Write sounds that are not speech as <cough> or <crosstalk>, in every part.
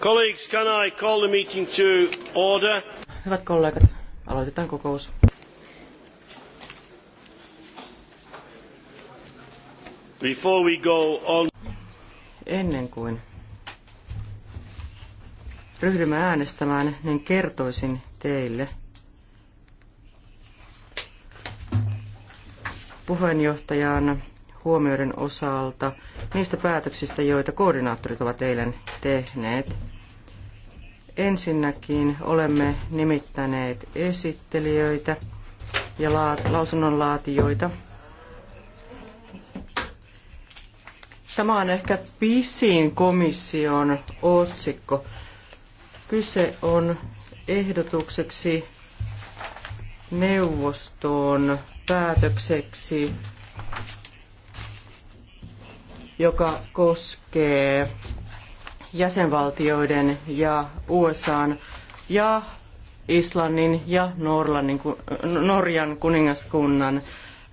Colleagues, can I call the meeting to order? Hyvät kollegat, aloitetaan kokous. Before we go on... Ennen kuin ryhdymme äänestämään, niin kertoisin teille puheenjohtajan huomioiden osalta – niistä päätöksistä, joita koordinaattorit ovat eilen tehneet. Ensinnäkin olemme nimittäneet esittelijöitä ja lausunnonlaatijoita. Tämä on ehkä pisin komission otsikko. Kyse on ehdotukseksi neuvostoon päätökseksi joka koskee jäsenvaltioiden ja USAn ja Islannin ja Norlannin, Norjan kuningaskunnan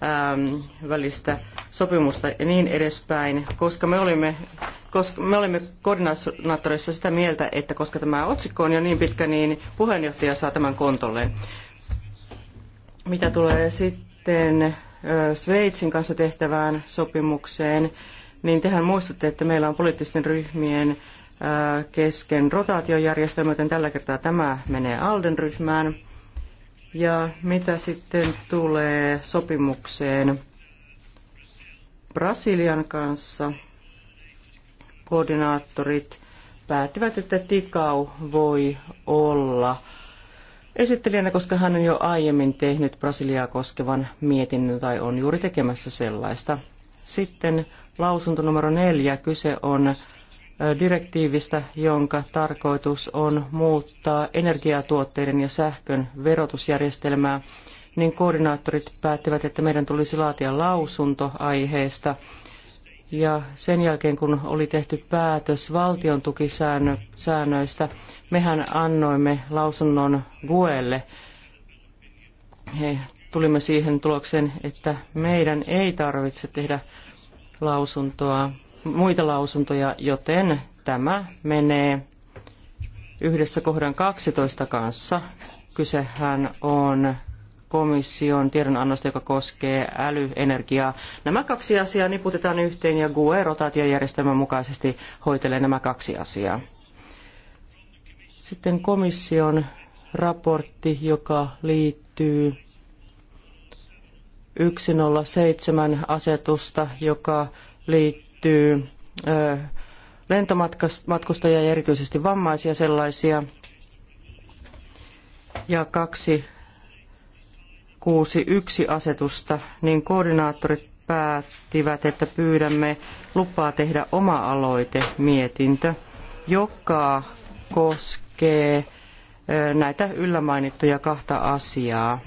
ähm, välistä sopimusta ja niin edespäin, koska me olimme, koska me olimme koordinaattorissa sitä mieltä, että koska tämä otsikko on jo niin pitkä, niin puheenjohtaja saa tämän kontolleen. Mitä tulee sitten Sveitsin kanssa tehtävään sopimukseen, niin tehän muistutte, että meillä on poliittisten ryhmien äh, kesken rotaatiojärjestelmä, joten tällä kertaa tämä menee Alden ryhmään. Ja mitä sitten tulee sopimukseen Brasilian kanssa, koordinaattorit päättivät, että Tikau voi olla esittelijänä, koska hän on jo aiemmin tehnyt Brasiliaa koskevan mietinnön tai on juuri tekemässä sellaista. Sitten lausunto numero neljä. Kyse on direktiivistä, jonka tarkoitus on muuttaa energiatuotteiden ja sähkön verotusjärjestelmää, niin koordinaattorit päättivät, että meidän tulisi laatia lausunto aiheesta. Ja sen jälkeen, kun oli tehty päätös valtion tukisäännöistä, mehän annoimme lausunnon GUElle. He tulimme siihen tulokseen, että meidän ei tarvitse tehdä lausuntoa, muita lausuntoja, joten tämä menee yhdessä kohdan 12 kanssa. Kysehän on komission tiedonannosta, joka koskee älyenergiaa. Nämä kaksi asiaa niputetaan yhteen ja GUE rotaatiojärjestelmän mukaisesti hoitelee nämä kaksi asiaa. Sitten komission raportti, joka liittyy 107 asetusta, joka liittyy lentomatkustajia ja erityisesti vammaisia sellaisia. Ja 261 asetusta, niin koordinaattorit päättivät, että pyydämme lupaa tehdä oma aloitemietintö joka koskee näitä yllä mainittuja kahta asiaa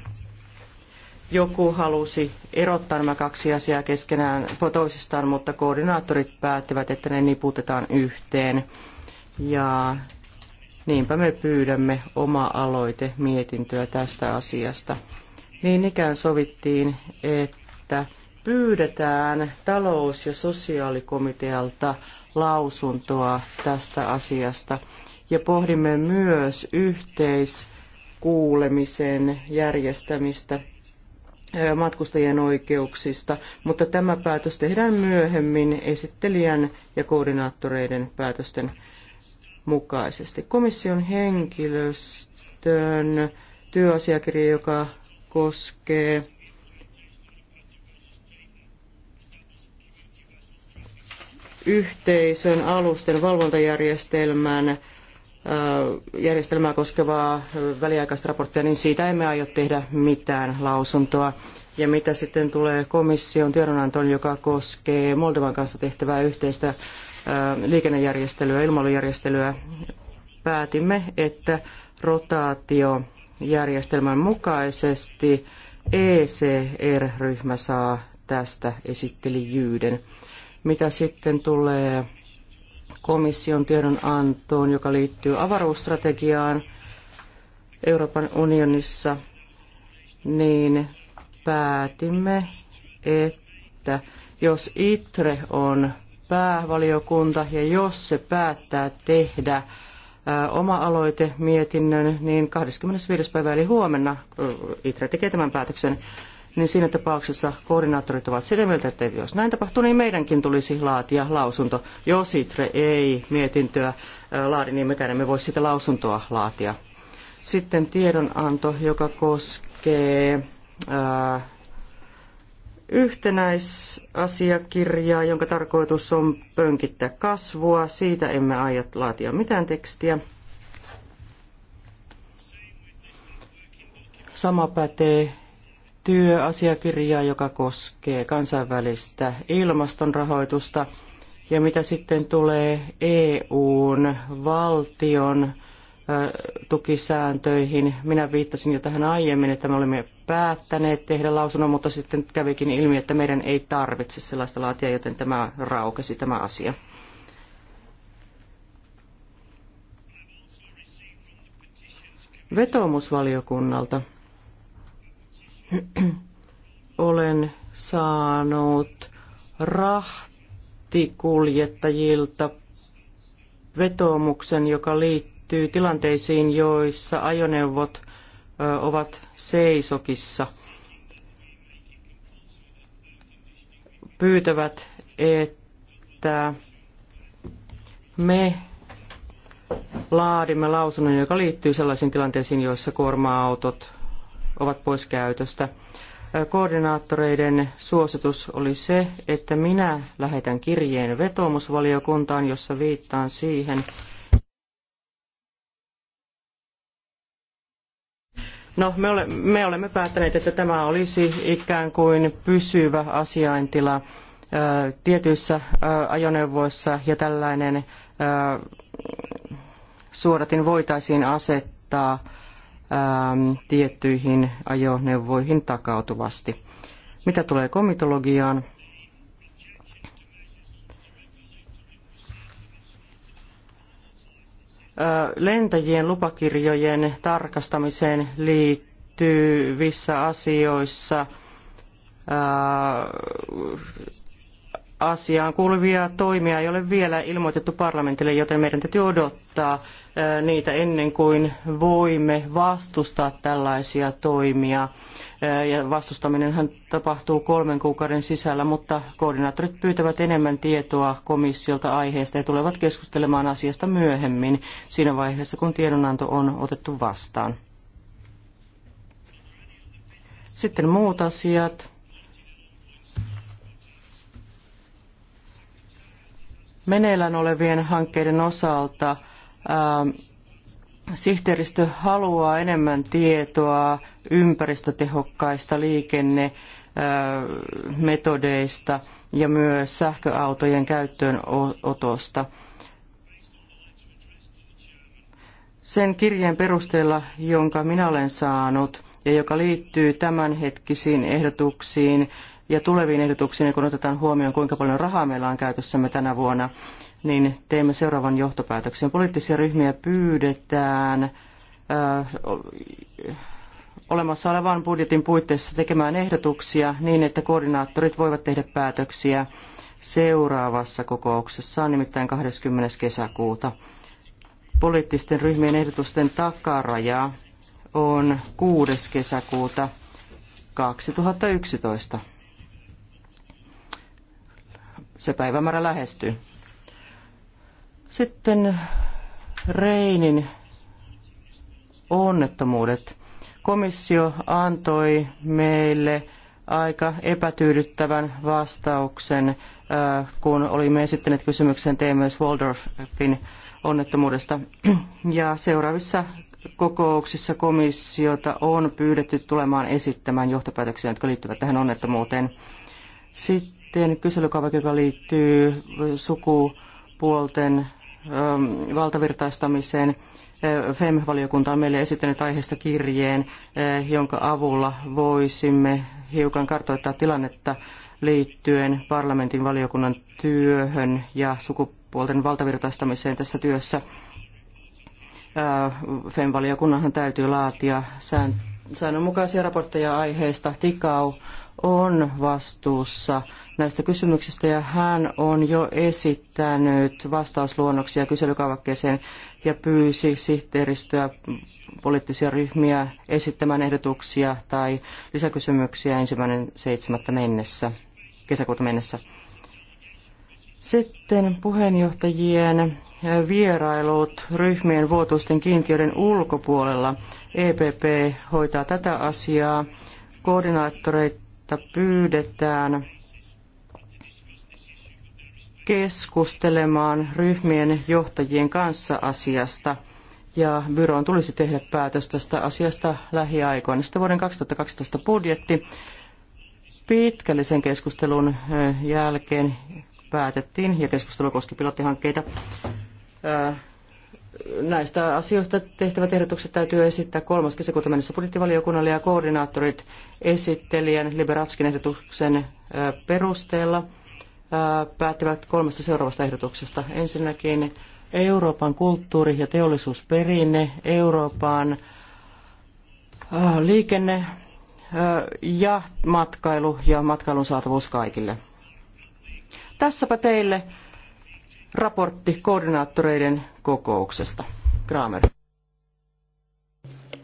joku halusi erottaa nämä kaksi asiaa keskenään toisistaan, mutta koordinaattorit päättivät, että ne niputetaan yhteen. Ja niinpä me pyydämme oma aloite mietintöä tästä asiasta. Niin ikään sovittiin, että pyydetään talous- ja sosiaalikomitealta lausuntoa tästä asiasta ja pohdimme myös yhteiskuulemisen järjestämistä matkustajien oikeuksista, mutta tämä päätös tehdään myöhemmin esittelijän ja koordinaattoreiden päätösten mukaisesti. Komission henkilöstön työasiakirja, joka koskee yhteisön alusten valvontajärjestelmän järjestelmää koskevaa väliaikaista raporttia, niin siitä emme aio tehdä mitään lausuntoa. Ja mitä sitten tulee komission tiedonantoon, joka koskee Moldovan kanssa tehtävää yhteistä liikennejärjestelyä, ilmailujärjestelyä, päätimme, että rotaatiojärjestelmän mukaisesti ECR-ryhmä saa tästä esittelijyyden. Mitä sitten tulee komission tiedonantoon, joka liittyy avaruusstrategiaan Euroopan unionissa, niin päätimme, että jos ITRE on päävaliokunta ja jos se päättää tehdä oma-aloite mietinnön, niin 25. päivä eli huomenna ITRE tekee tämän päätöksen niin siinä tapauksessa koordinaattorit ovat sitä mieltä, että jos näin tapahtuu, niin meidänkin tulisi laatia lausunto. Jos ITRE ei mietintöä laadi, niin mekään emme voi sitä lausuntoa laatia. Sitten tiedonanto, joka koskee ää, yhtenäisasiakirjaa, jonka tarkoitus on pönkittää kasvua. Siitä emme aio laatia mitään tekstiä. Sama pätee työasiakirjaa, joka koskee kansainvälistä ilmastonrahoitusta. Ja mitä sitten tulee EUn valtion tukisääntöihin. Minä viittasin jo tähän aiemmin, että me olimme päättäneet tehdä lausunnon, mutta sitten kävikin ilmi, että meidän ei tarvitse sellaista laatia, joten tämä raukesi tämä asia. Vetoomusvaliokunnalta olen saanut rahtikuljettajilta vetoomuksen, joka liittyy tilanteisiin, joissa ajoneuvot ovat seisokissa. Pyytävät, että me laadimme lausunnon, joka liittyy sellaisiin tilanteisiin, joissa kuorma-autot ovat pois käytöstä. Koordinaattoreiden suositus oli se, että minä lähetän kirjeen vetoomusvaliokuntaan, jossa viittaan siihen, No, me, ole, me olemme päättäneet, että tämä olisi ikään kuin pysyvä asiaintila ö, tietyissä ajoneuvoissa ja tällainen suodatin voitaisiin asettaa Ähm, tiettyihin ajoneuvoihin takautuvasti. Mitä tulee komitologiaan, lentäjien lupakirjojen tarkastamiseen liittyvissä asioissa asiaan kuuluvia toimia ei ole vielä ilmoitettu parlamentille, joten meidän täytyy odottaa niitä ennen kuin voimme vastustaa tällaisia toimia. Ja vastustaminenhan tapahtuu kolmen kuukauden sisällä, mutta koordinaattorit pyytävät enemmän tietoa komissiolta aiheesta ja tulevat keskustelemaan asiasta myöhemmin siinä vaiheessa, kun tiedonanto on otettu vastaan. Sitten muut asiat. meneillään olevien hankkeiden osalta ähm, sihteeristö haluaa enemmän tietoa ympäristötehokkaista liikennemetodeista äh, ja myös sähköautojen käyttöönotosta. Sen kirjeen perusteella, jonka minä olen saanut ja joka liittyy tämänhetkisiin ehdotuksiin ja tuleviin ehdotuksiin, kun otetaan huomioon, kuinka paljon rahaa meillä on käytössämme tänä vuonna, niin teemme seuraavan johtopäätöksen. Poliittisia ryhmiä pyydetään olemassa olevan budjetin puitteissa tekemään ehdotuksia niin, että koordinaattorit voivat tehdä päätöksiä seuraavassa kokouksessaan, nimittäin 20. kesäkuuta. Poliittisten ryhmien ehdotusten takaraja on 6. kesäkuuta 2011 se päivämäärä lähestyy. Sitten Reinin onnettomuudet. Komissio antoi meille aika epätyydyttävän vastauksen, äh, kun olimme esittäneet kysymyksen TMS Waldorfin onnettomuudesta. <clears throat> Ja seuraavissa kokouksissa komissiota on pyydetty tulemaan esittämään johtopäätöksiä, jotka liittyvät tähän onnettomuuteen. Sitten sitten kyselykaavake, joka liittyy sukupuolten ähm, valtavirtaistamiseen. Äh, FEM-valiokunta on meille esittänyt aiheesta kirjeen, äh, jonka avulla voisimme hiukan kartoittaa tilannetta liittyen parlamentin valiokunnan työhön ja sukupuolten valtavirtaistamiseen tässä työssä. Äh, FEM-valiokunnanhan täytyy laatia säännönmukaisia raportteja aiheesta. Tikau on vastuussa näistä kysymyksistä ja hän on jo esittänyt vastausluonnoksia kyselykaavakkeeseen ja pyysi sihteeristöä poliittisia ryhmiä esittämään ehdotuksia tai lisäkysymyksiä ensimmäinen seitsemättä mennessä, kesäkuuta mennessä. Sitten puheenjohtajien vierailut ryhmien vuotuisten kiintiöiden ulkopuolella. EPP hoitaa tätä asiaa. koordinaattoreita että pyydetään keskustelemaan ryhmien johtajien kanssa asiasta ja byroon tulisi tehdä päätös tästä asiasta lähiaikoina. Sitten vuoden 2012 budjetti pitkällisen keskustelun jälkeen päätettiin ja keskustelu koski pilottihankkeita näistä asioista tehtävät ehdotukset täytyy esittää 3. kesäkuuta mennessä budjettivaliokunnalle ja koordinaattorit esittelijän Liberatskin ehdotuksen perusteella päättävät kolmesta seuraavasta ehdotuksesta. Ensinnäkin Euroopan kulttuuri- ja teollisuusperinne, Euroopan liikenne ja matkailu ja matkailun saatavuus kaikille. Tässäpä teille raportti koordinaattoreiden kokouksesta. Kramer.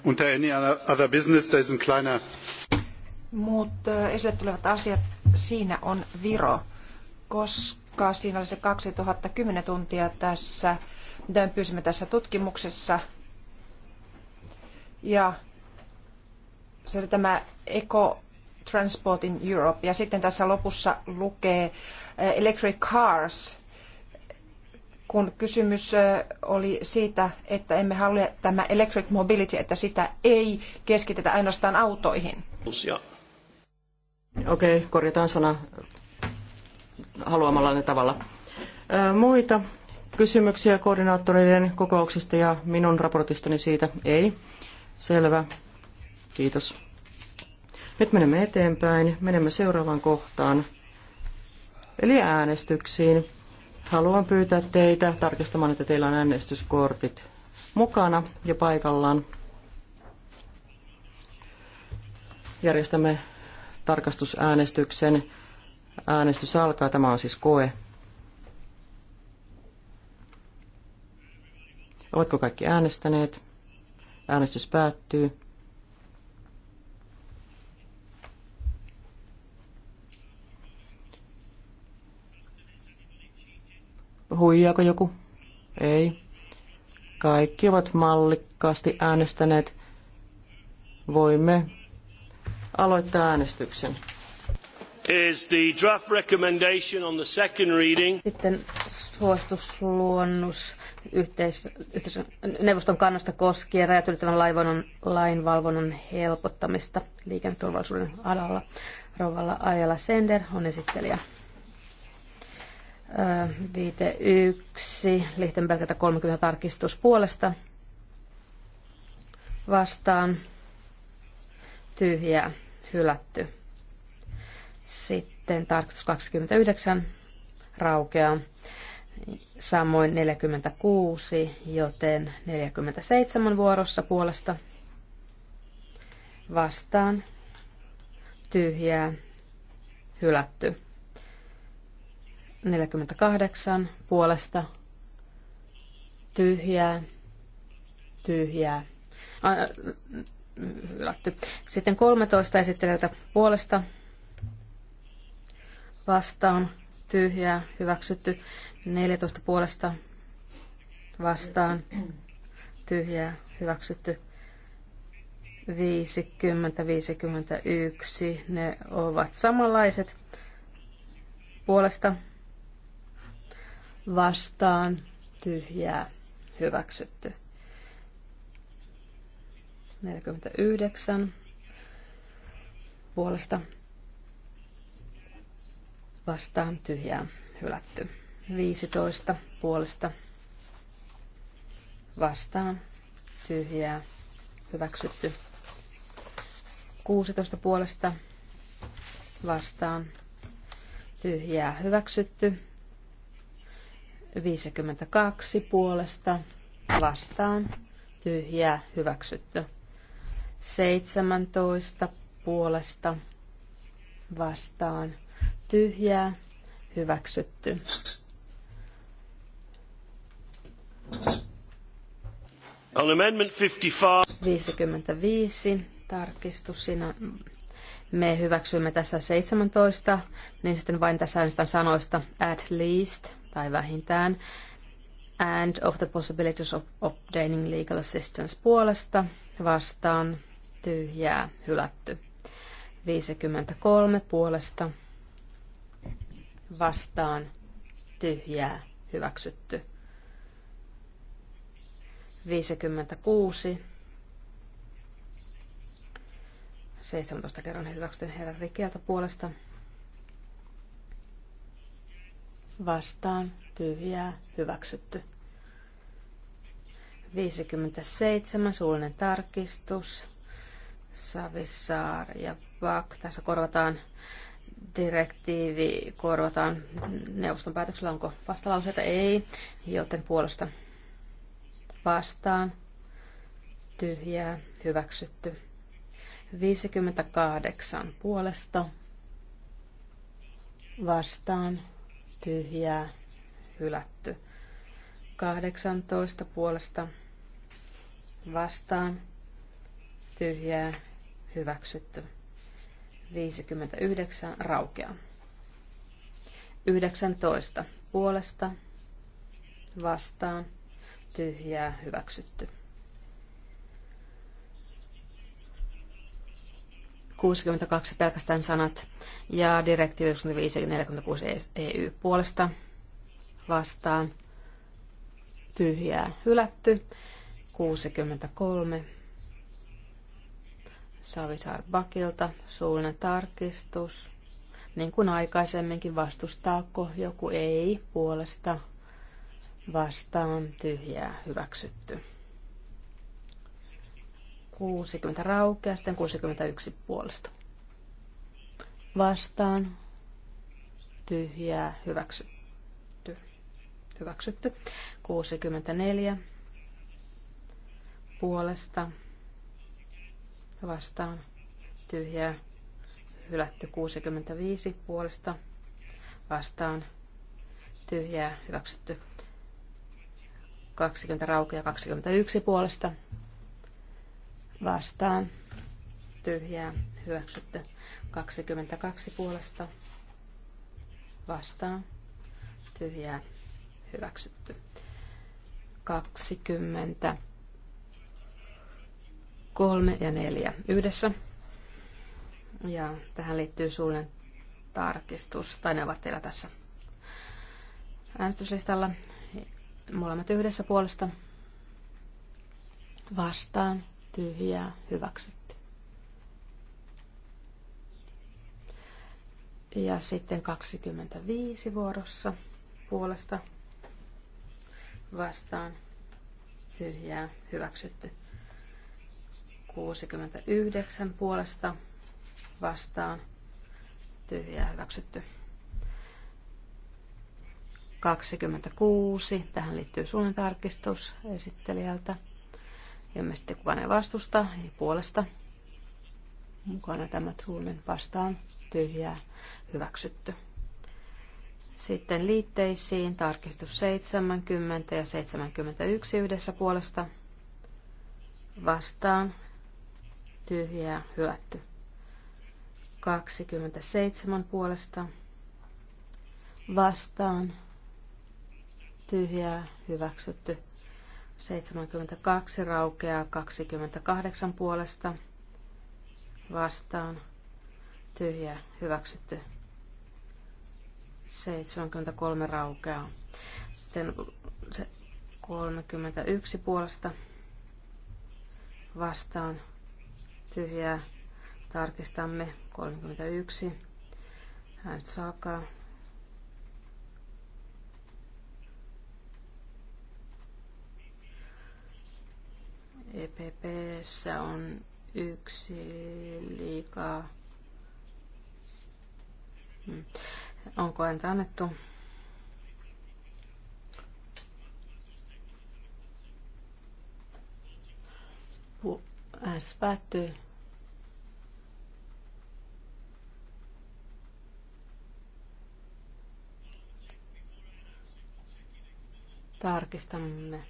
Unter äh, any other business there is a kleiner... Äh, esille tulevat asiat, siinä on Viro, koska siinä oli se 2010 tuntia tässä, mitä me pyysimme tässä tutkimuksessa. Ja se oli tämä Eco Transport in Europe. Ja sitten tässä lopussa lukee äh, Electric Cars – kun kysymys oli siitä, että emme halua tämä electric mobility, että sitä ei keskitetä ainoastaan autoihin. Okei, okay, korjataan sana haluamallanne tavalla. Muita kysymyksiä koordinaattoreiden kokouksesta ja minun raportistani siitä ei. Selvä. Kiitos. Nyt menemme eteenpäin. Menemme seuraavaan kohtaan, eli äänestyksiin. Haluan pyytää teitä tarkistamaan, että teillä on äänestyskortit mukana ja paikallaan. Järjestämme tarkastusäänestyksen. Äänestys alkaa. Tämä on siis koe. Ovatko kaikki äänestäneet? Äänestys päättyy. Huijaako joku? Ei. Kaikki ovat mallikkaasti äänestäneet. Voimme aloittaa äänestyksen. Is the draft recommendation on the second reading. Sitten suostusluonnos yhteis, yhteis, neuvoston kannasta koskien rajat ylittävän lainvalvonnan, lainvalvonnan helpottamista liikenneturvallisuuden alalla. Rovalla Ajala Sender on esittelijä. Viite yksi, Lichtenbergiltä 30 tarkistus puolesta. Vastaan tyhjää, hylätty. Sitten tarkistus 29 raukeaa. Samoin 46, joten 47 vuorossa puolesta vastaan tyhjää, hylätty. 48 puolesta tyhjää, tyhjää. Äh, hylätty. Sitten 13 esittelijältä puolesta vastaan tyhjää, hyväksytty. 14 puolesta vastaan tyhjää, hyväksytty. 50, 51, ne ovat samanlaiset puolesta vastaan tyhjää hyväksytty. 49 puolesta vastaan tyhjää hylätty. 15 puolesta vastaan tyhjää hyväksytty. 16 puolesta vastaan tyhjää hyväksytty. 52 puolesta vastaan tyhjää hyväksytty. 17 puolesta vastaan tyhjää hyväksytty. On amendment 55. 55 tarkistus siinä me hyväksymme tässä 17, niin sitten vain tässä sanoista at least – tai vähintään and of the possibilities of obtaining legal assistance puolesta vastaan tyhjää hylätty. 53 puolesta vastaan tyhjää hyväksytty. 56 17 kerran hyväksytyn herran rikieltä puolesta vastaan tyhjää hyväksytty. 57 suullinen tarkistus. Savisaar ja Bak. Tässä korvataan direktiivi, korvataan neuvoston päätöksellä. Onko vastalauseita? Ei, joten puolesta vastaan tyhjää hyväksytty. 58 puolesta vastaan tyhjää, hylätty. 18 puolesta vastaan, tyhjää, hyväksytty. 59 raukea 19 puolesta vastaan, tyhjää, hyväksytty. 62 pelkästään sanat ja direktiivi 9546 EU e puolesta vastaan tyhjää hylätty 63 Savisaar Bakilta suullinen tarkistus niin kuin aikaisemminkin vastustaako joku ei puolesta vastaan tyhjää hyväksytty. 60 raukeaa, sitten 61 puolesta. Vastaan. Tyhjää. Hyväksytty. Hyväksytty. 64 puolesta. Vastaan. Tyhjää. Hylätty 65 puolesta. Vastaan. Tyhjää. Hyväksytty 20 raukea 21 puolesta vastaan tyhjää hyväksytty 22 puolesta vastaan tyhjää hyväksytty 20 3 ja 4 yhdessä. Ja tähän liittyy suullinen tarkistus, tai ne ovat teillä tässä äänestyslistalla. Molemmat yhdessä puolesta vastaan tyhjää, hyväksytty. Ja sitten 25 vuorossa puolesta vastaan tyhjää, hyväksytty. 69 puolesta vastaan tyhjää, hyväksytty. 26. Tähän liittyy suunnitarkistus esittelijältä Ilmeisesti kukaan ei vastusta, ei puolesta. Mukana tämä Truunen vastaan tyhjää hyväksytty. Sitten liitteisiin tarkistus 70 ja 71 yhdessä puolesta vastaan tyhjää hylätty. 27 puolesta vastaan tyhjää hyväksytty. 72 raukeaa 28 puolesta vastaan. Tyhjä hyväksytty. 73 raukeaa. Sitten 31 puolesta vastaan. Tyhjää tarkistamme 31. Äänestys alkaa. EPPssä on yksi liikaa. Hmm. Onko entä annettu? Äänestys päättyy. Tarkistamme.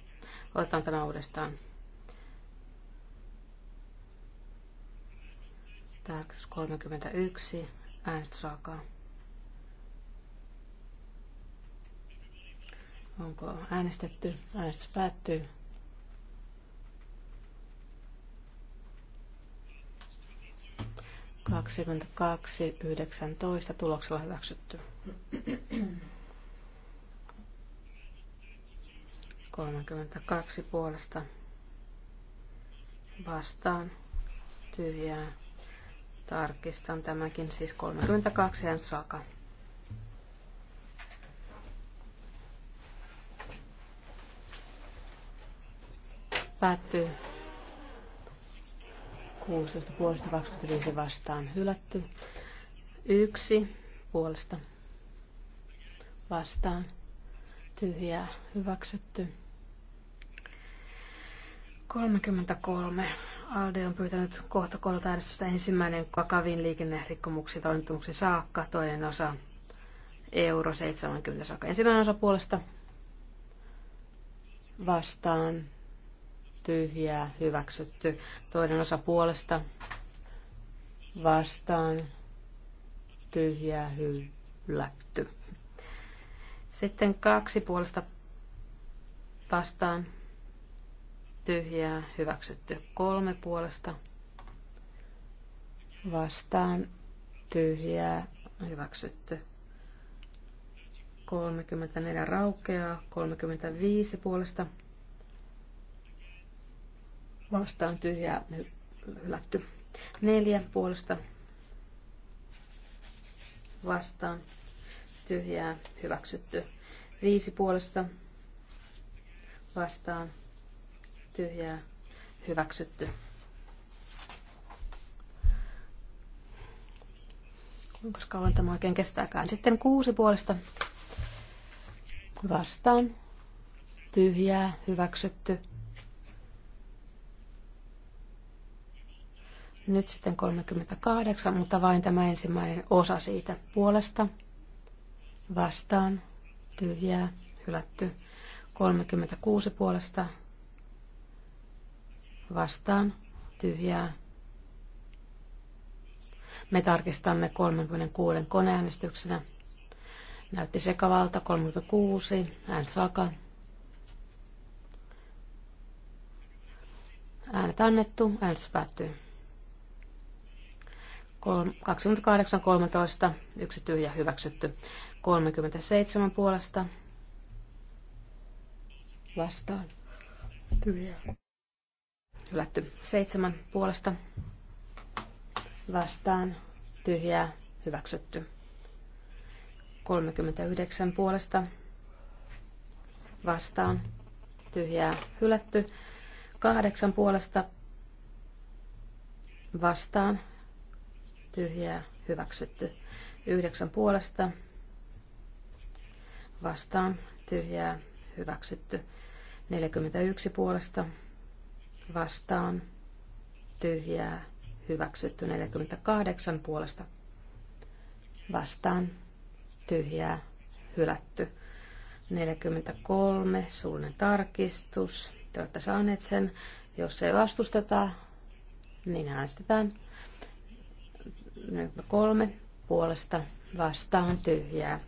Otetaan tämä uudestaan. Tarkistus 31. Äänestys Onko äänestetty? Äänestys päättyy. Kaksikymmentäkaksi yhdeksäntoista tuloksella hyväksytty. 32 puolesta vastaan tyhjää Tarkistan tämäkin siis 32 ensi alkaa. Päättyy 16 puolesta 25 vastaan hylätty. Yksi puolesta vastaan tyhjää hyväksytty. 33 Alde on pyytänyt kohta kolta äänestystä ensimmäinen vakaviin liikennerikkomuksiin toimituksiin saakka, toinen osa euro 70 saakka. Ensimmäinen osa puolesta vastaan tyhjää hyväksytty. Toinen osa puolesta vastaan tyhjää hylätty. Sitten kaksi puolesta vastaan tyhjää, hyväksytty kolme puolesta, vastaan tyhjää, hyväksytty 34 raukeaa, 35 puolesta, vastaan tyhjää, hylätty neljä puolesta, vastaan tyhjää, hyväksytty viisi puolesta, vastaan tyhjää hyväksytty. Kuinka kauan tämä oikein kestääkään? Sitten kuusi puolesta vastaan tyhjää hyväksytty. Nyt sitten 38, mutta vain tämä ensimmäinen osa siitä puolesta. Vastaan, tyhjää, hylätty. 36 puolesta vastaan tyhjää. Me tarkistamme 36 koneäänestyksenä. Näytti sekavalta 36. äänet alkaa. Äänet annettu. äänet päättyy. 28, 13, yksi tyhjä hyväksytty. 37 puolesta vastaan. Tyhjä. Hylätty seitsemän puolesta. Vastaan. Tyhjää. Hyväksytty. 39 puolesta. Vastaan. Tyhjää. Hylätty. Kahdeksan puolesta. Vastaan. Tyhjää. Hyväksytty. Yhdeksän puolesta. Vastaan. Tyhjää. Hyväksytty. 41 puolesta vastaan tyhjää hyväksytty 48 puolesta vastaan tyhjää hylätty 43 suullinen tarkistus. Te olette saaneet sen. Jos ei vastusteta, niin äänestetään. 43 puolesta vastaan tyhjää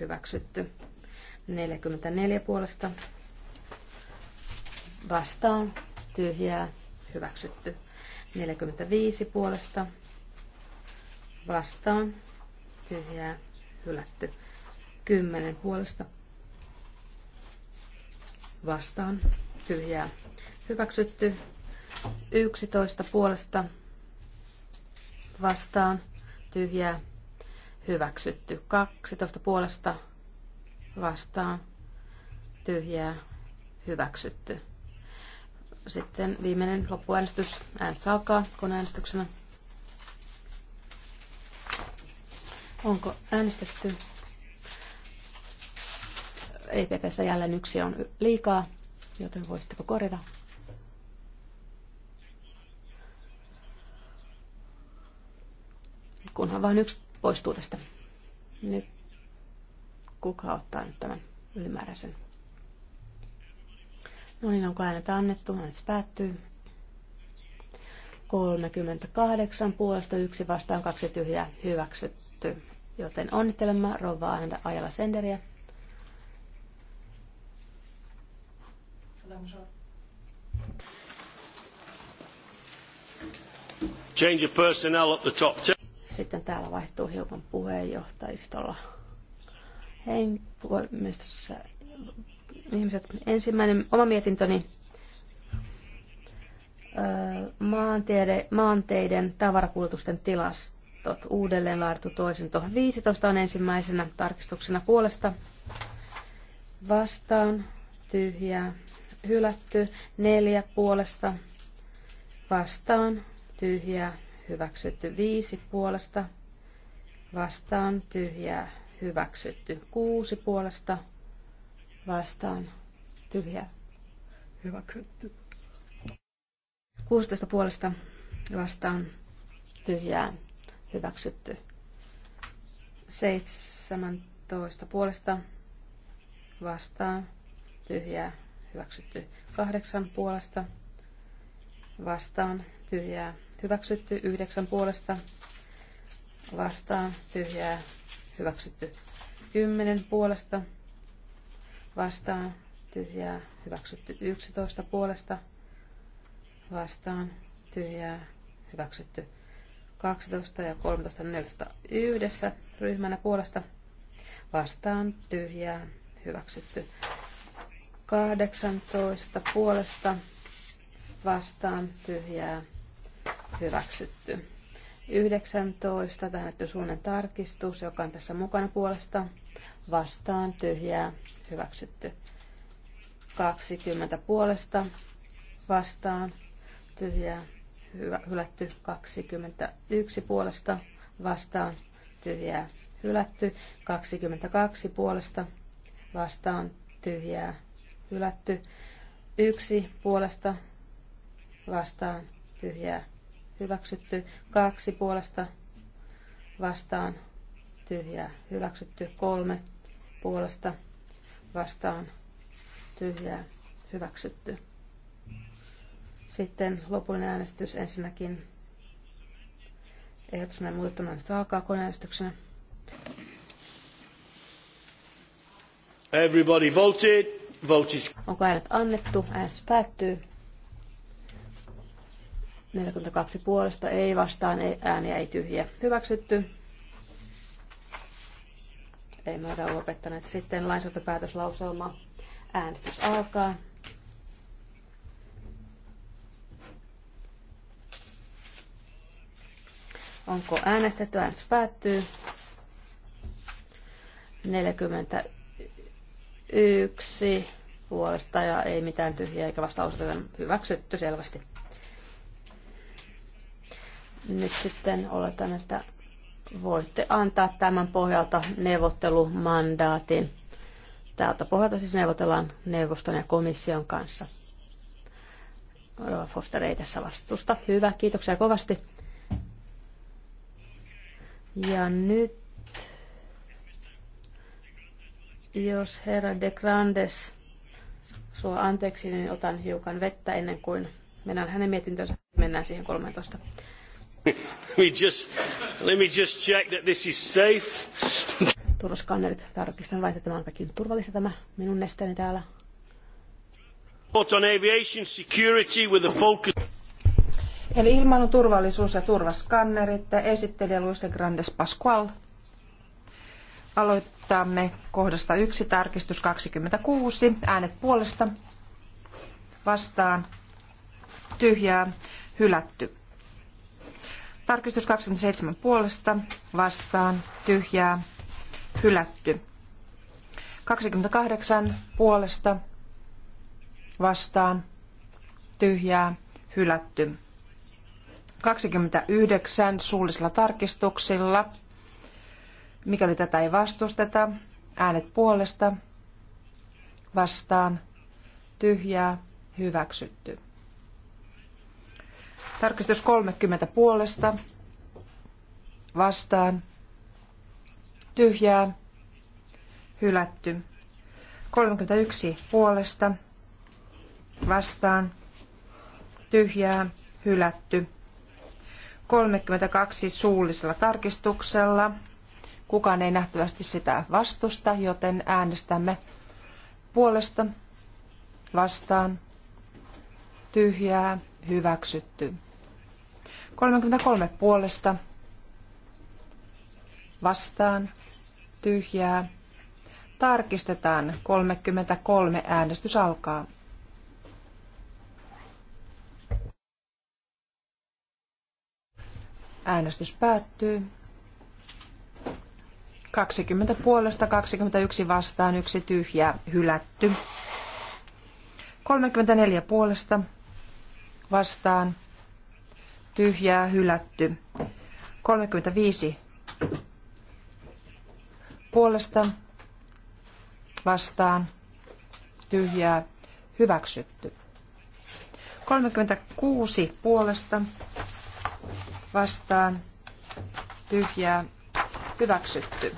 hyväksytty. 44 puolesta vastaan tyhjää, hyväksytty. 45 puolesta vastaan, tyhjää, hylätty. 10 puolesta vastaan, tyhjää, hyväksytty. 11 puolesta vastaan, tyhjää, hyväksytty. 12 puolesta vastaan, tyhjää, hyväksytty. Sitten viimeinen loppuäänestys. Äänestys alkaa koneäänestyksenä. Onko äänestetty? EPPssä jälleen yksi on liikaa, joten voisitteko korjata? Kunhan vain yksi poistuu tästä. Nyt kuka ottaa nyt tämän ylimääräisen No niin, onko äänet annettu? Äänet päättyy. 38 puolesta, yksi vastaan, kaksi tyhjää, hyväksytty. Joten onnittelemme rouva Ajala Senderiä. Change of personnel at the top. Sitten täällä vaihtuu hiukan puheenjohtajistolla. Hei, puhemiestössä ihmiset. Ensimmäinen oma mietintöni maanteide, maanteiden tavarakuljetusten tilastot uudelleen laadittu toisinto. 15 on ensimmäisenä tarkistuksena puolesta vastaan tyhjää hylätty, neljä puolesta vastaan tyhjää hyväksytty, viisi puolesta vastaan tyhjää hyväksytty, kuusi puolesta vastaan tyhjä hyväksytty. 16 puolesta vastaan tyhjää hyväksytty. 17 puolesta vastaan tyhjää hyväksytty. 8 puolesta vastaan tyhjää hyväksytty. 9 puolesta vastaan tyhjää hyväksytty. 10 puolesta vastaan, tyhjää, hyväksytty 11 puolesta, vastaan, tyhjää, hyväksytty 12 ja 13 14 yhdessä ryhmänä puolesta, vastaan, tyhjää, hyväksytty 18 puolesta, vastaan, tyhjää, hyväksytty. 19 tähän suunnan tarkistus, joka on tässä mukana puolesta vastaan tyhjää hyväksytty. 20 puolesta vastaan tyhjää hyvä, hylätty. 21 puolesta vastaan tyhjää hylätty. 22 puolesta vastaan tyhjää hylätty. 1 puolesta vastaan tyhjää hyväksytty. 2 puolesta vastaan tyhjää hyväksytty. Kolme puolesta vastaan tyhjää hyväksytty. Sitten lopullinen äänestys ensinnäkin ehdotus näin muuttuna, äänestys alkaa koneäänestyksenä. Everybody voted. Vote is... Onko äänet annettu? Äänestys päättyy. 42 puolesta ei vastaan, ei, ääniä ei tyhjiä. Hyväksytty meitä ole lopettaneet. Sitten lainsäädäntöpäätöslauselma. Äänestys alkaa. Onko äänestetty? Äänestys päättyy. 41 puolesta ja ei mitään tyhjiä eikä vastausta, joten hyväksytty selvästi. Nyt sitten oletan, että voitte antaa tämän pohjalta neuvottelumandaatin. Täältä pohjalta siis neuvotellaan neuvoston ja komission kanssa. Foster ei tässä vastusta. Hyvä, kiitoksia kovasti. Ja nyt, jos herra de Grandes sua anteeksi, niin otan hiukan vettä ennen kuin mennään hänen mietintönsä. Mennään siihen 13 me just, let me just check that this is safe. Turvaskannerit tarkistan vain, että tämä on kaikki turvallista tämä minun nesteeni täällä. On aviation security with a focus. Eli ilmailun turvallisuus ja turvaskannerit. Esittelijä Luis de Grandes Pascual. Aloitamme kohdasta 1, tarkistus 26. Äänet puolesta vastaan tyhjää hylätty. Tarkistus 27 puolesta, vastaan, tyhjää, hylätty. 28 puolesta, vastaan, tyhjää, hylätty. 29 suullisilla tarkistuksilla. Mikäli tätä ei vastusteta, äänet puolesta, vastaan, tyhjää, hyväksytty. Tarkistus 30 puolesta. Vastaan. Tyhjää. Hylätty. 31 puolesta. Vastaan. Tyhjää. Hylätty. 32 suullisella tarkistuksella. Kukaan ei nähtävästi sitä vastusta, joten äänestämme puolesta, vastaan, tyhjää, hyväksytty. 33 puolesta vastaan tyhjää. Tarkistetaan 33 äänestys alkaa. Äänestys päättyy. 20 puolesta, 21 vastaan, yksi tyhjä, hylätty. 34 puolesta vastaan, tyhjää, hylätty. 35 puolesta vastaan tyhjää, hyväksytty. 36 puolesta vastaan tyhjää, hyväksytty.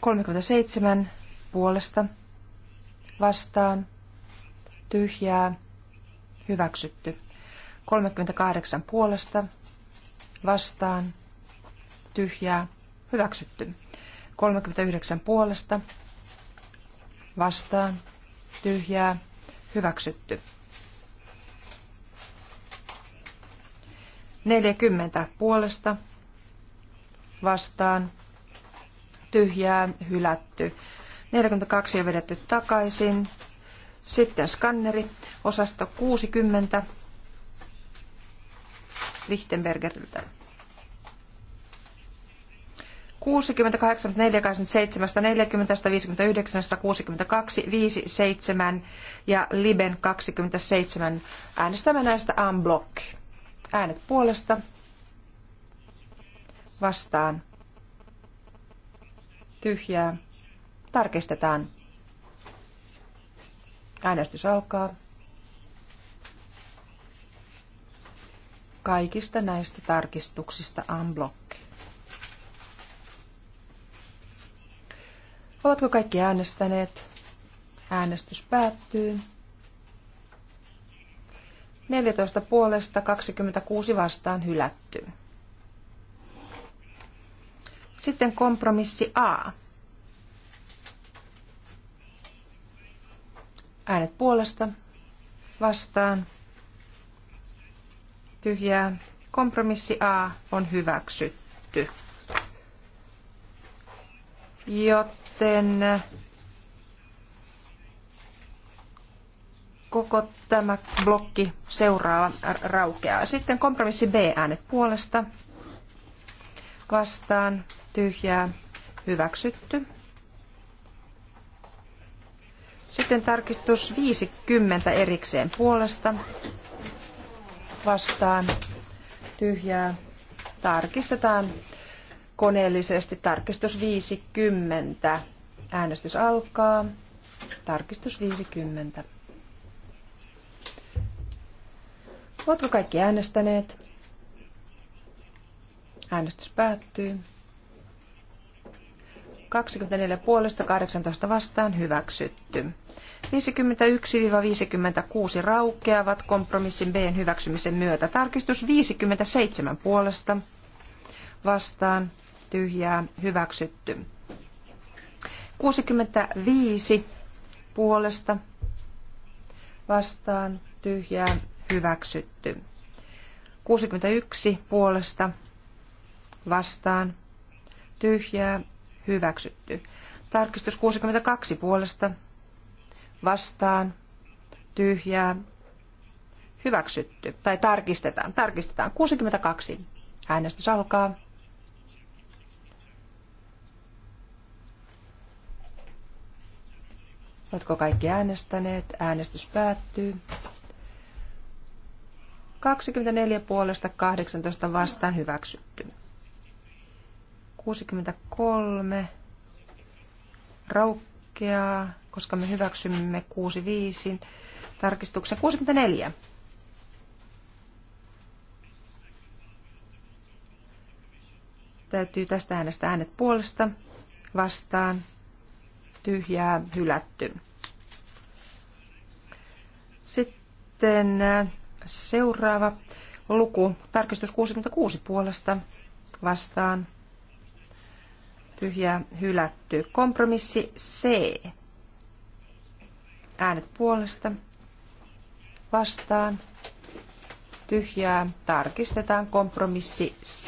37 puolesta vastaan tyhjää, hyväksytty. 38 puolesta, vastaan, tyhjää, hyväksytty. 39 puolesta, vastaan, tyhjää, hyväksytty. 40 puolesta, vastaan, tyhjää, hylätty. 42 on vedetty takaisin, sitten skanneri, osasto 60 Lichtenbergeriltä. 68, 47, 140, 40, 159, 162, 57 ja Liben 27. Äänestämme näistä en block. Äänet puolesta. Vastaan. Tyhjää. Tarkistetaan. Äänestys alkaa. Kaikista näistä tarkistuksista unblock. Ovatko kaikki äänestäneet? Äänestys päättyy. 14 puolesta 26 vastaan hylätty. Sitten kompromissi A Äänet puolesta, vastaan, tyhjää. Kompromissi A on hyväksytty. Joten koko tämä blokki seuraava raukeaa. Sitten kompromissi B äänet puolesta, vastaan, tyhjää, hyväksytty. Sitten tarkistus 50 erikseen puolesta vastaan tyhjää. Tarkistetaan koneellisesti. Tarkistus 50. Äänestys alkaa. Tarkistus 50. Oletko kaikki äänestäneet? Äänestys päättyy. 24 puolesta 18 vastaan hyväksytty. 51-56 raukeavat kompromissin B hyväksymisen myötä. Tarkistus 57 puolesta vastaan tyhjää hyväksytty. 65 puolesta vastaan tyhjää hyväksytty. 61 puolesta vastaan tyhjää hyväksytty. Tarkistus 62 puolesta vastaan tyhjää hyväksytty. Tai tarkistetaan. Tarkistetaan. 62. Äänestys alkaa. Oletko kaikki äänestäneet? Äänestys päättyy. 24 puolesta 18 vastaan hyväksytty. 63 raukkeaa, koska me hyväksymme 65 tarkistuksen 64. Täytyy tästä äänestä äänet puolesta, vastaan, tyhjää, hylätty. Sitten äh, seuraava luku, tarkistus 66 puolesta, vastaan, tyhjä hylätty. Kompromissi C. Äänet puolesta vastaan tyhjää tarkistetaan kompromissi C.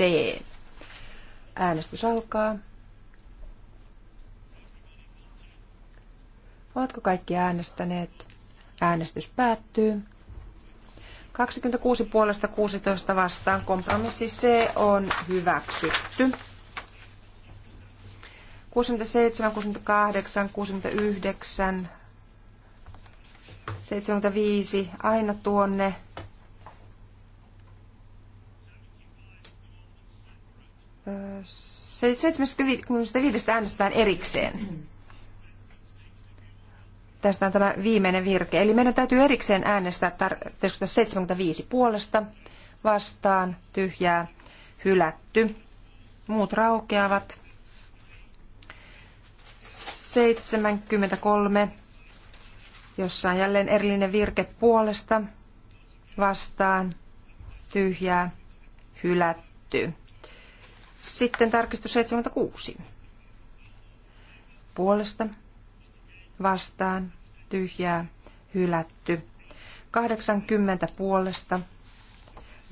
Äänestys alkaa. Oletko kaikki äänestäneet? Äänestys päättyy. 26 puolesta 16 vastaan kompromissi C on hyväksytty. 67, 68, 69, 75, aina tuonne 75 öö, äänestetään erikseen. Tästä on tämä viimeinen virke. Eli meidän täytyy erikseen äänestää tar- 75 puolesta vastaan, tyhjää, hylätty. Muut raukeavat. 73, jossa on jälleen erillinen virke puolesta, vastaan, tyhjää, hylätty. Sitten tarkistus 76. Puolesta, vastaan, tyhjää, hylätty. 80 puolesta,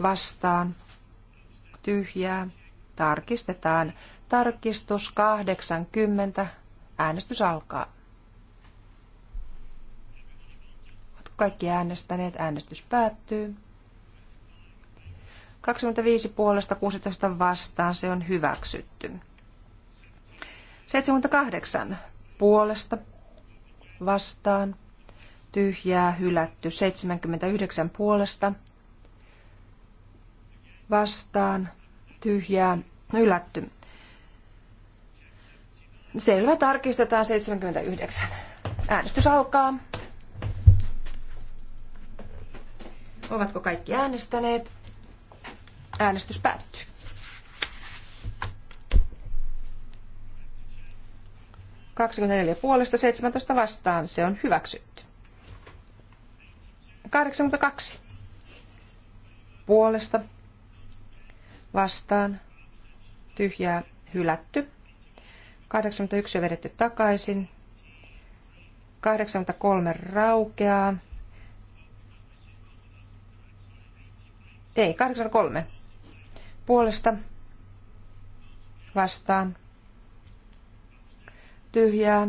vastaan, tyhjää, tarkistetaan. Tarkistus 80, Äänestys alkaa. Oletko kaikki äänestäneet? Äänestys päättyy. 25 puolesta 16 vastaan se on hyväksytty. 78 puolesta vastaan tyhjää hylätty. 79 puolesta vastaan tyhjää hylätty. Selvä, tarkistetaan 79. Äänestys alkaa. Ovatko kaikki äänestäneet? Äänestys päättyy. puolesta, 17 vastaan. Se on hyväksytty. 82 puolesta vastaan tyhjää hylätty. 81 on vedetty takaisin. 83 raukeaa. Ei, 83. Puolesta vastaan. Tyhjää.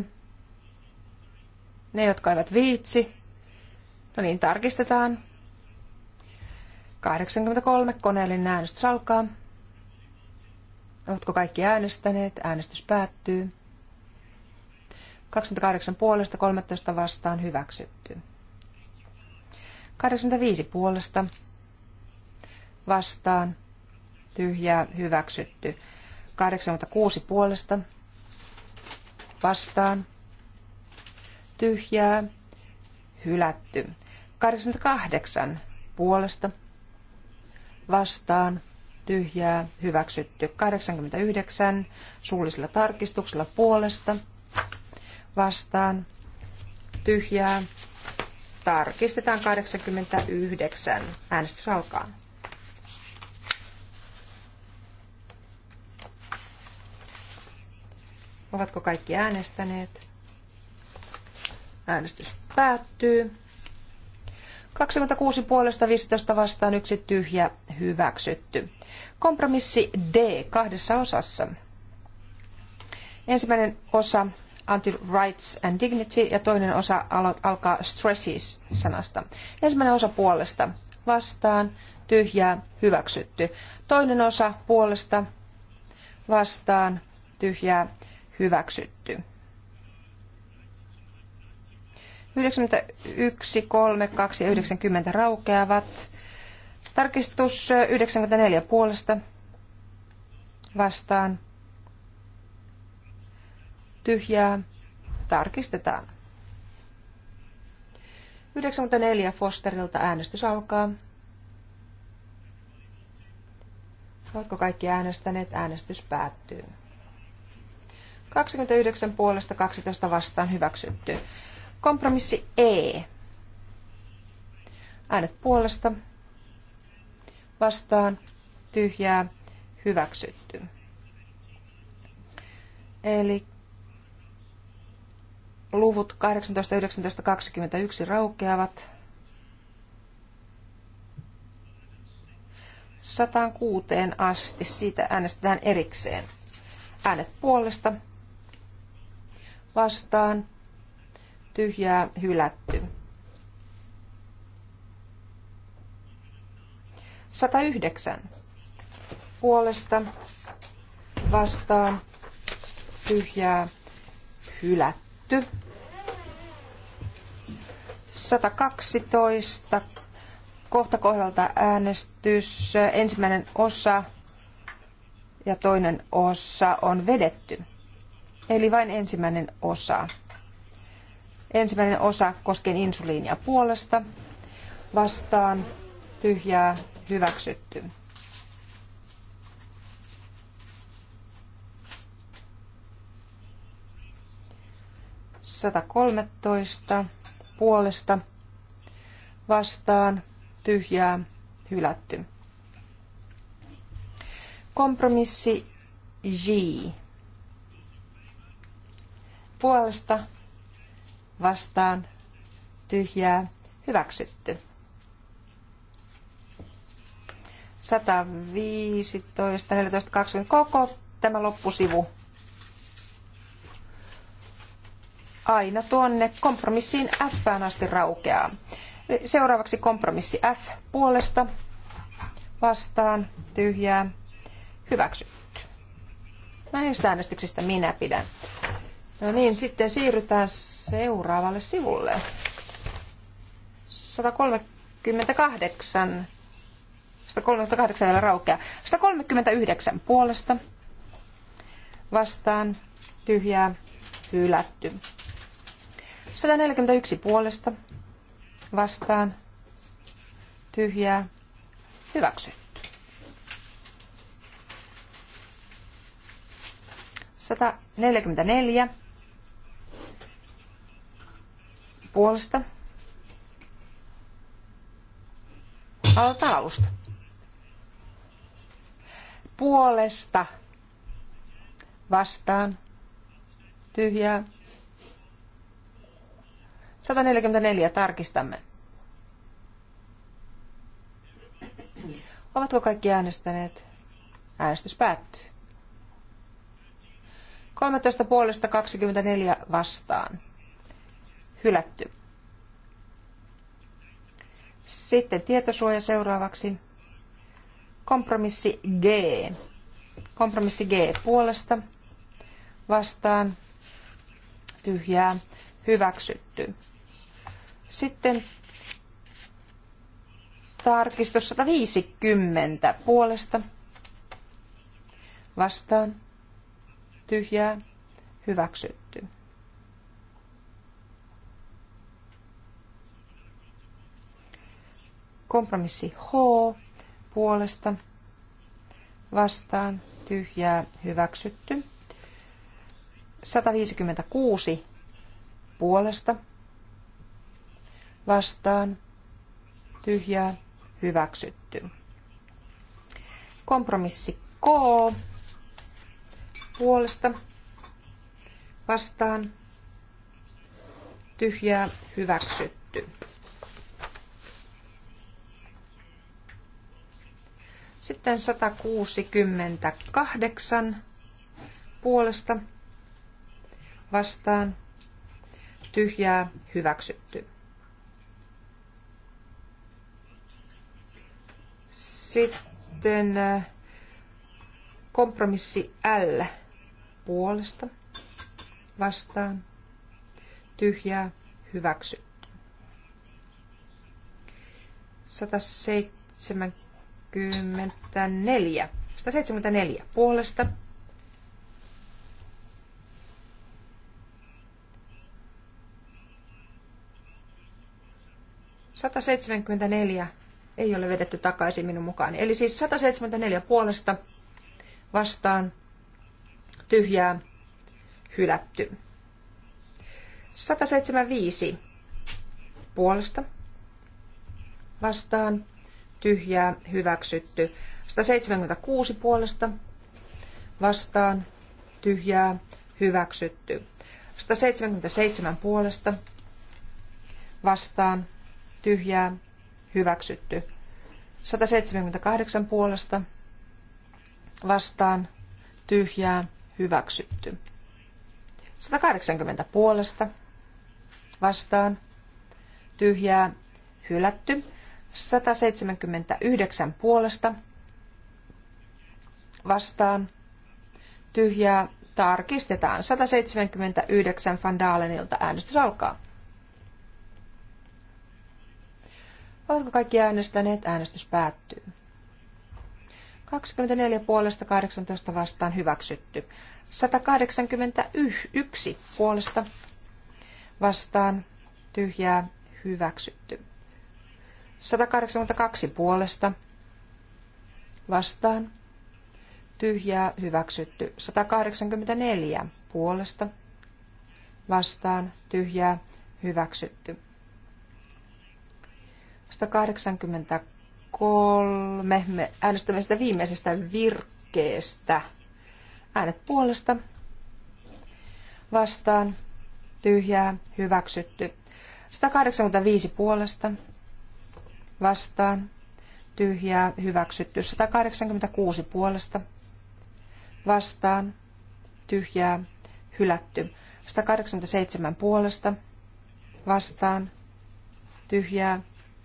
Ne, jotka eivät viitsi. No niin, tarkistetaan. 83 koneellinen äänestys alkaa. Ovatko kaikki äänestäneet? Äänestys päättyy. 28 puolesta, 13 vastaan hyväksytty. 85 puolesta vastaan tyhjää hyväksytty. 86 puolesta vastaan tyhjää hylätty. 88 puolesta vastaan tyhjää, hyväksytty. 89 suullisella tarkistuksella puolesta, vastaan, tyhjää. Tarkistetaan 89. Äänestys alkaa. Ovatko kaikki äänestäneet? Äänestys päättyy. 26 puolesta 15 vastaan yksi tyhjä hyväksytty. Kompromissi D kahdessa osassa. Ensimmäinen osa Anti-Rights and Dignity ja toinen osa alkaa Stresses-sanasta. Ensimmäinen osa puolesta vastaan, tyhjää, hyväksytty. Toinen osa puolesta vastaan, tyhjää, hyväksytty. 91, 3, 2 ja 90 raukeavat. Tarkistus 94 puolesta vastaan. Tyhjää. Tarkistetaan. 94 Fosterilta äänestys alkaa. Oletko kaikki äänestäneet? Äänestys päättyy. 29 puolesta 12 vastaan hyväksytty. Kompromissi E. Äänet puolesta vastaan tyhjää hyväksytty. Eli luvut 18, 19, 21 raukeavat. 106 asti, siitä äänestetään erikseen. Äänet puolesta, vastaan, tyhjää, hylätty. 109 puolesta vastaan tyhjää hylätty. 112 kohta kohdalta äänestys. Ensimmäinen osa ja toinen osa on vedetty. Eli vain ensimmäinen osa. Ensimmäinen osa koskee insuliinia puolesta. Vastaan tyhjää hyväksytty. Sata puolesta vastaan tyhjää hylätty. Kompromissi J. Puolesta vastaan tyhjää hyväksytty. 115, 14, 20, koko tämä loppusivu. Aina tuonne kompromissiin F asti raukeaa. Seuraavaksi kompromissi F puolesta vastaan tyhjää hyväksytty. Näistä äänestyksistä minä pidän. No niin, sitten siirrytään seuraavalle sivulle. 138 138 vielä raukea. 139 puolesta vastaan tyhjää hylätty. 141 puolesta vastaan tyhjää hyväksytty. 144 puolesta. Aloitetaan alusta puolesta vastaan tyhjää. 144 tarkistamme. Ovatko kaikki äänestäneet? Äänestys päättyy. 13 puolesta 24 vastaan. Hylätty. Sitten tietosuoja seuraavaksi. Kompromissi G. Kompromissi G puolesta vastaan tyhjää hyväksytty. Sitten tarkistus 150 puolesta vastaan tyhjää hyväksytty. Kompromissi H puolesta vastaan tyhjää hyväksytty. 156 puolesta vastaan tyhjää hyväksytty. Kompromissi K puolesta vastaan tyhjää hyväksytty. Sitten 168 puolesta vastaan tyhjää hyväksytty. Sitten äh, kompromissi L puolesta vastaan tyhjää hyväksytty. 170 174. 174 puolesta. Sataseitsemänkymmentäneljä ei ole vedetty takaisin minun mukaan. Eli siis 174 puolesta vastaan tyhjää hylätty. 175 puolesta vastaan tyhjää, hyväksytty. 176 puolesta vastaan, tyhjää, hyväksytty. 177 puolesta vastaan, tyhjää, hyväksytty. 178 puolesta vastaan, tyhjää, hyväksytty. 180 puolesta vastaan, tyhjää, hylätty. 179 puolesta vastaan tyhjää tarkistetaan. 179 Van Dalenilta äänestys alkaa. Oletko kaikki äänestäneet? Äänestys päättyy. 24 puolesta 18 vastaan hyväksytty. 181 puolesta vastaan tyhjää hyväksytty. 182 puolesta vastaan. Tyhjää hyväksytty. 184 puolesta vastaan. Tyhjää hyväksytty. 183. Me äänestämme sitä viimeisestä virkkeestä. Äänet puolesta vastaan. Tyhjää hyväksytty. 185 puolesta vastaan, tyhjää, hyväksytty. 186 puolesta, vastaan, tyhjää, hylätty. 187 puolesta, vastaan, tyhjää,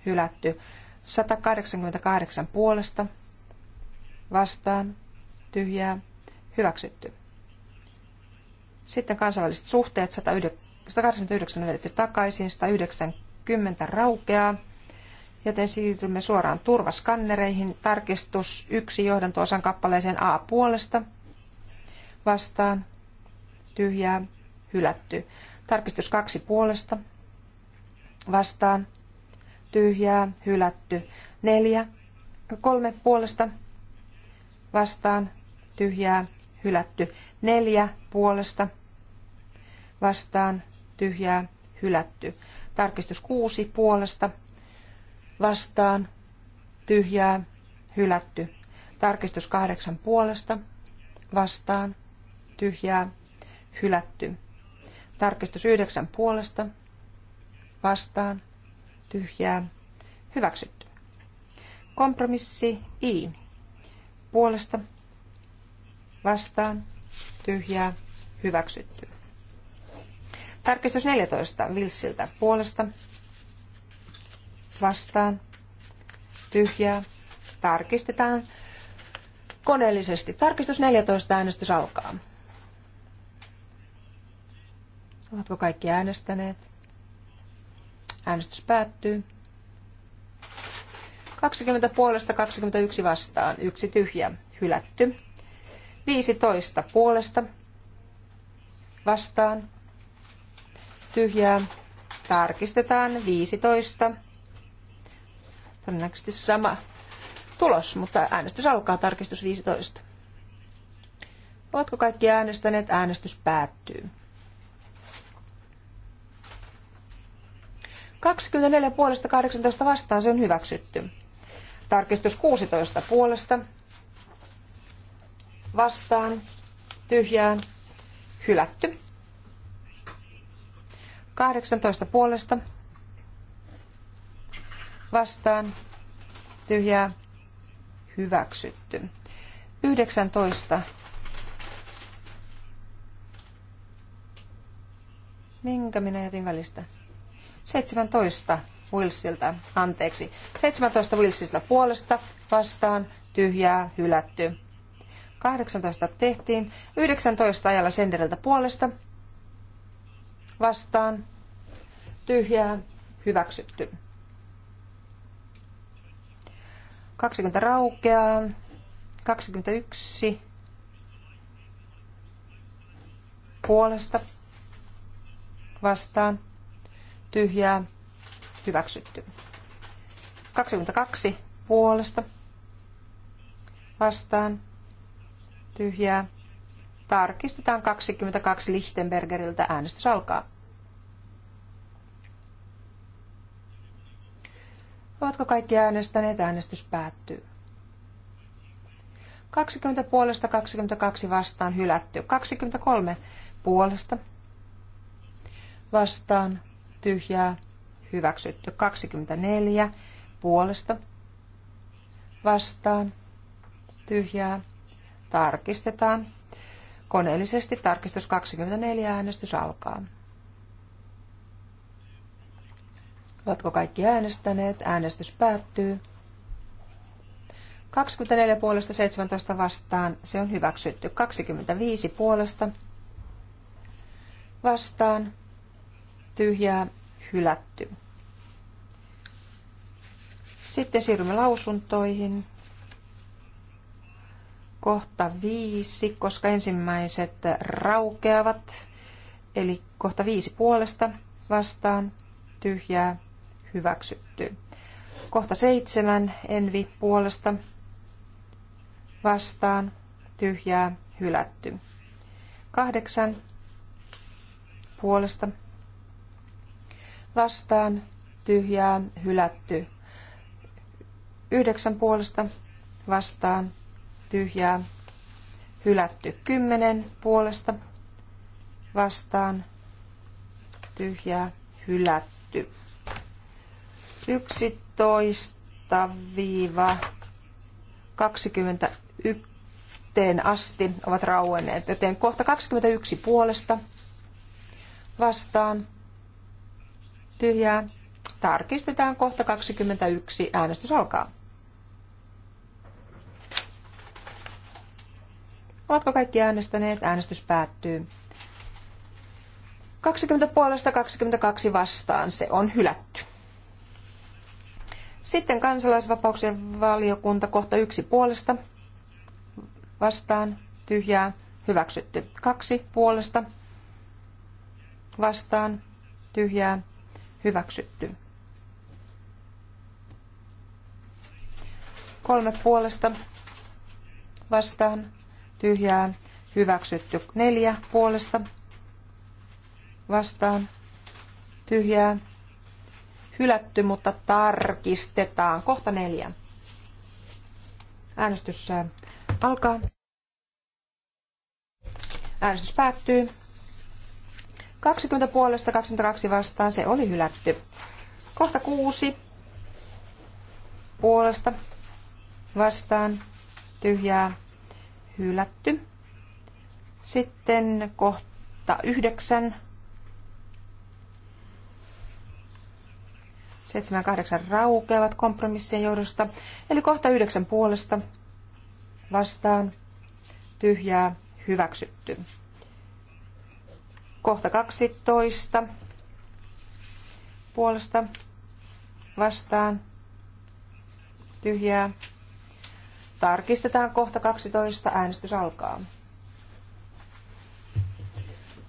hylätty. 188 puolesta, vastaan, tyhjää, hyväksytty. Sitten kansainväliset suhteet, 189 vedetty takaisin, 190 raukeaa joten siirrymme suoraan turvaskannereihin. Tarkistus yksi johdantoosan kappaleeseen A puolesta. Vastaan. Tyhjää. Hylätty. Tarkistus kaksi puolesta. Vastaan. Tyhjää. Hylätty. Neljä. Kolme puolesta. Vastaan. Tyhjää. Hylätty. Neljä puolesta. Vastaan. Tyhjää. Hylätty. Tarkistus kuusi puolesta vastaan, tyhjää, hylätty. Tarkistus kahdeksan puolesta, vastaan, tyhjää, hylätty. Tarkistus yhdeksän puolesta, vastaan, tyhjää, hyväksytty. Kompromissi I. Puolesta, vastaan, tyhjää, hyväksytty. Tarkistus 14 Vilsiltä puolesta, vastaan, tyhjää, tarkistetaan koneellisesti. Tarkistus 14, äänestys alkaa. Ovatko kaikki äänestäneet? Äänestys päättyy. 20 puolesta 21 vastaan, yksi tyhjä, hylätty. 15 puolesta vastaan, tyhjää, tarkistetaan 15. Todennäköisesti sama tulos, mutta äänestys alkaa tarkistus 15. Ovatko kaikki äänestäneet? Äänestys päättyy. 24 puolesta 18 vastaan se on hyväksytty. Tarkistus 16 puolesta vastaan tyhjään hylätty. 18 puolesta vastaan tyhjää hyväksytty. 19. Minkä minä jätin välistä? 17 Wilsilta, anteeksi. 17 Wilsilta puolesta vastaan tyhjää hylätty. 18 tehtiin. 19 ajalla Senderiltä puolesta vastaan tyhjää hyväksytty. 20 raukeaa. 21 puolesta vastaan tyhjää hyväksytty. 22 puolesta vastaan tyhjää. Tarkistetaan 22 Lichtenbergeriltä. Äänestys alkaa. Ovatko kaikki äänestäneet? Äänestys päättyy. 20 puolesta 22 vastaan hylätty. 23 puolesta vastaan tyhjää hyväksytty. 24 puolesta vastaan tyhjää tarkistetaan. Koneellisesti tarkistus 24 äänestys alkaa. Ovatko kaikki äänestäneet? Äänestys päättyy. 24 puolesta 17 vastaan. Se on hyväksytty. 25 puolesta vastaan. Tyhjää hylätty. Sitten siirrymme lausuntoihin. Kohta viisi, koska ensimmäiset raukeavat. Eli kohta viisi puolesta vastaan tyhjää hyväksytty. Kohta seitsemän, envi puolesta, vastaan, tyhjää, hylätty. Kahdeksan, puolesta, vastaan, tyhjää, hylätty. Yhdeksän puolesta, vastaan, tyhjää, hylätty. Kymmenen puolesta, vastaan, tyhjää, hylätty. 11-21 asti ovat rauenneet, joten kohta 21 puolesta vastaan tyhjää. Tarkistetaan kohta 21. Äänestys alkaa. Ovatko kaikki äänestäneet? Äänestys päättyy. 20 puolesta 22 vastaan se on hylätty. Sitten kansalaisvapauksien valiokunta kohta yksi puolesta vastaan tyhjää hyväksytty. Kaksi puolesta vastaan tyhjää hyväksytty. Kolme puolesta vastaan tyhjää hyväksytty. Neljä puolesta vastaan tyhjää hylätty, mutta tarkistetaan. Kohta neljä. Äänestys äh, alkaa. Äänestys päättyy. 20 puolesta 22 vastaan se oli hylätty. Kohta kuusi puolesta vastaan tyhjää hylätty. Sitten kohta yhdeksän 7 ja 8 raukeavat kompromissien johdosta. Eli kohta 9 puolesta vastaan tyhjää hyväksytty. Kohta 12 puolesta vastaan tyhjää. Tarkistetaan kohta 12. Äänestys alkaa.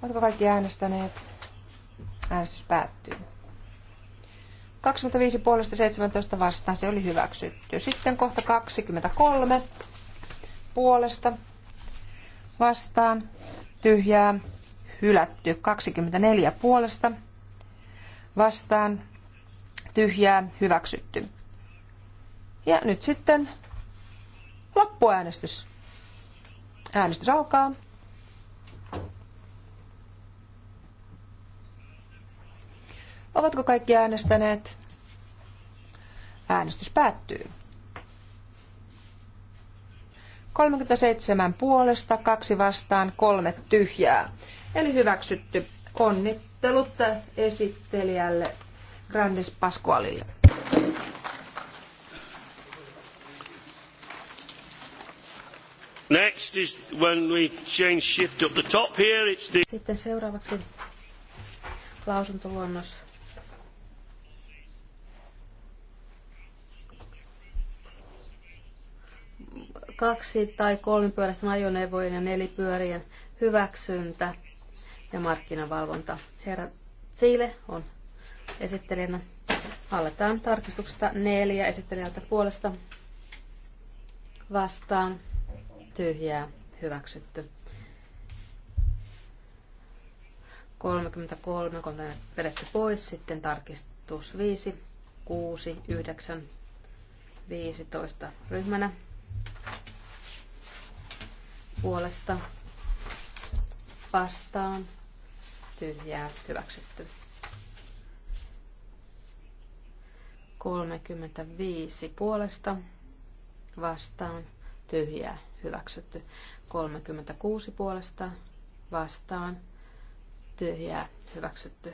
Oletko kaikki äänestäneet? Äänestys päättyy. 25 puolesta 17 vastaan se oli hyväksytty. Sitten kohta 23 puolesta vastaan tyhjää hylätty. 24 puolesta vastaan tyhjää hyväksytty. Ja nyt sitten loppuäänestys. Äänestys alkaa. Ovatko kaikki äänestäneet? Äänestys päättyy. 37 puolesta, kaksi vastaan, kolme tyhjää. Eli hyväksytty. Onnittelut esittelijälle Grandes Pasqualille. Next is when we change shift up the top here, it's the... Sitten seuraavaksi lausuntoluonnos kaksi- tai kolmipyöräisten ajoneuvojen ja nelipyörien hyväksyntä ja markkinavalvonta. Herra Siile on esittelijänä. Aletaan tarkistuksesta neljä esittelijältä puolesta vastaan. Tyhjää hyväksytty. 33 on vedetty pois, sitten tarkistus 5, 6, 9, 15 ryhmänä puolesta vastaan tyhjää hyväksytty. 35 puolesta vastaan tyhjää hyväksytty. 36 puolesta vastaan tyhjää hyväksytty.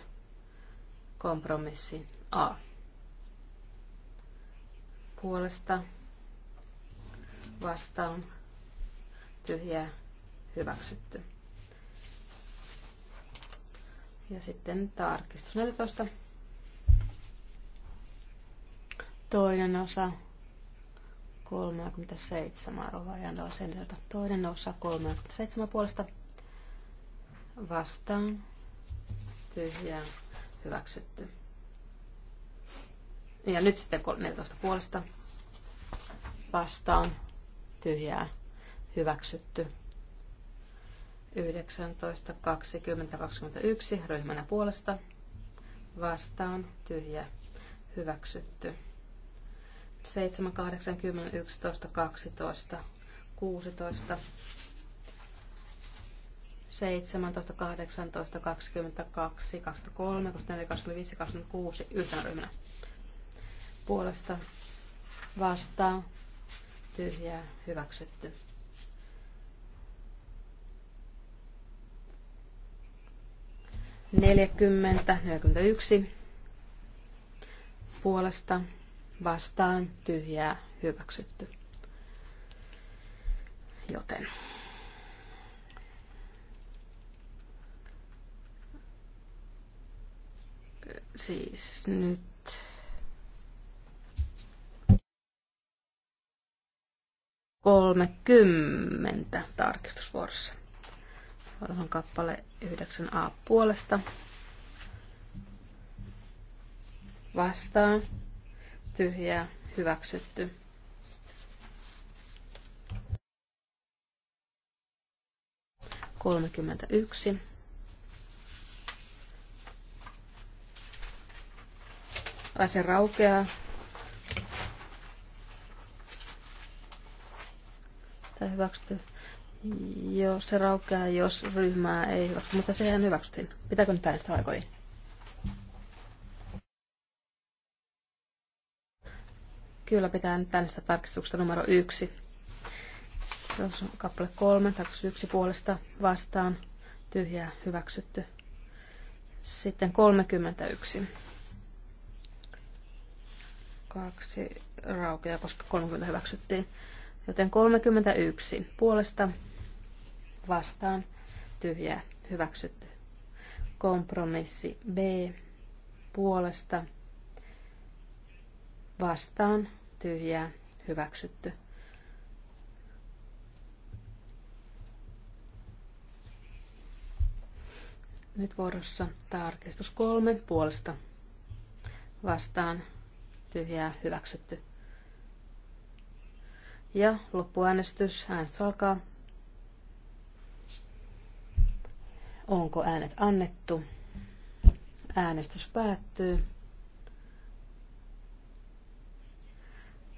Kompromissi A puolesta vastaan tyhjää hyväksytty. Ja sitten tarkistus 14. Toinen osa 37 Rovajandolla sendeltä. Toinen osa 37 puolesta vastaan tyhjää hyväksytty. Ja nyt sitten 14 puolesta vastaan tyhjää hyväksytty. 19, 20, 21 ryhmänä puolesta vastaan tyhjä hyväksytty. 7, 8, 10, 11, 12, 16, 17, 18, 22, 23, 24, 25, 26 yhtenä ryhmänä puolesta vastaan tyhjää, hyväksytty. Neljäkymmentä, yksi puolesta vastaan tyhjää hyväksytty. Joten siis nyt 30 tarkistusvuorossa. Vuorohan kappale 9a puolesta. Vastaan. Tyhjää. Hyväksytty. Kolmekymmentä yksi. Asia raukeaa. hyväksytty. Jos se raukeaa, jos ryhmää ei hyväksy, mutta sehän hyväksyttiin. Pitääkö nyt äänestää vai ei? Kyllä pitää nyt äänestää tarkistuksesta numero yksi. Se on kappale kolme, tarkistus yksi puolesta vastaan, tyhjää hyväksytty. Sitten 31. Kaksi raukeaa, koska 30 hyväksyttiin. Joten 31 puolesta vastaan tyhjää hyväksytty. Kompromissi B puolesta vastaan tyhjää hyväksytty. Nyt vuorossa tarkistus kolme puolesta vastaan tyhjää hyväksytty. Ja loppuäänestys. Äänestys alkaa. Onko äänet annettu? Äänestys päättyy.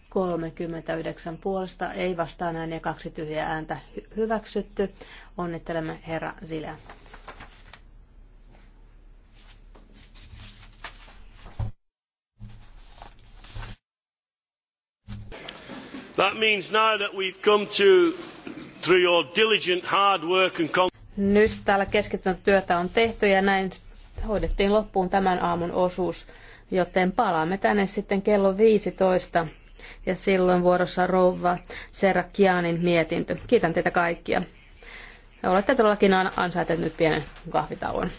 39 puolesta, ei vastaan ääniä, kaksi tyhjää ääntä hyväksytty. Onnittelemme herra Zilä. That means now that we've come to, through your diligent hard work and Nyt täällä keskittynyt työtä on tehty ja näin hoidettiin loppuun tämän aamun osuus, joten palaamme tänne sitten kello 15 ja silloin vuorossa rouva Kianin mietintö. Kiitän teitä kaikkia. Olette todellakin nyt pienen kahvitauon.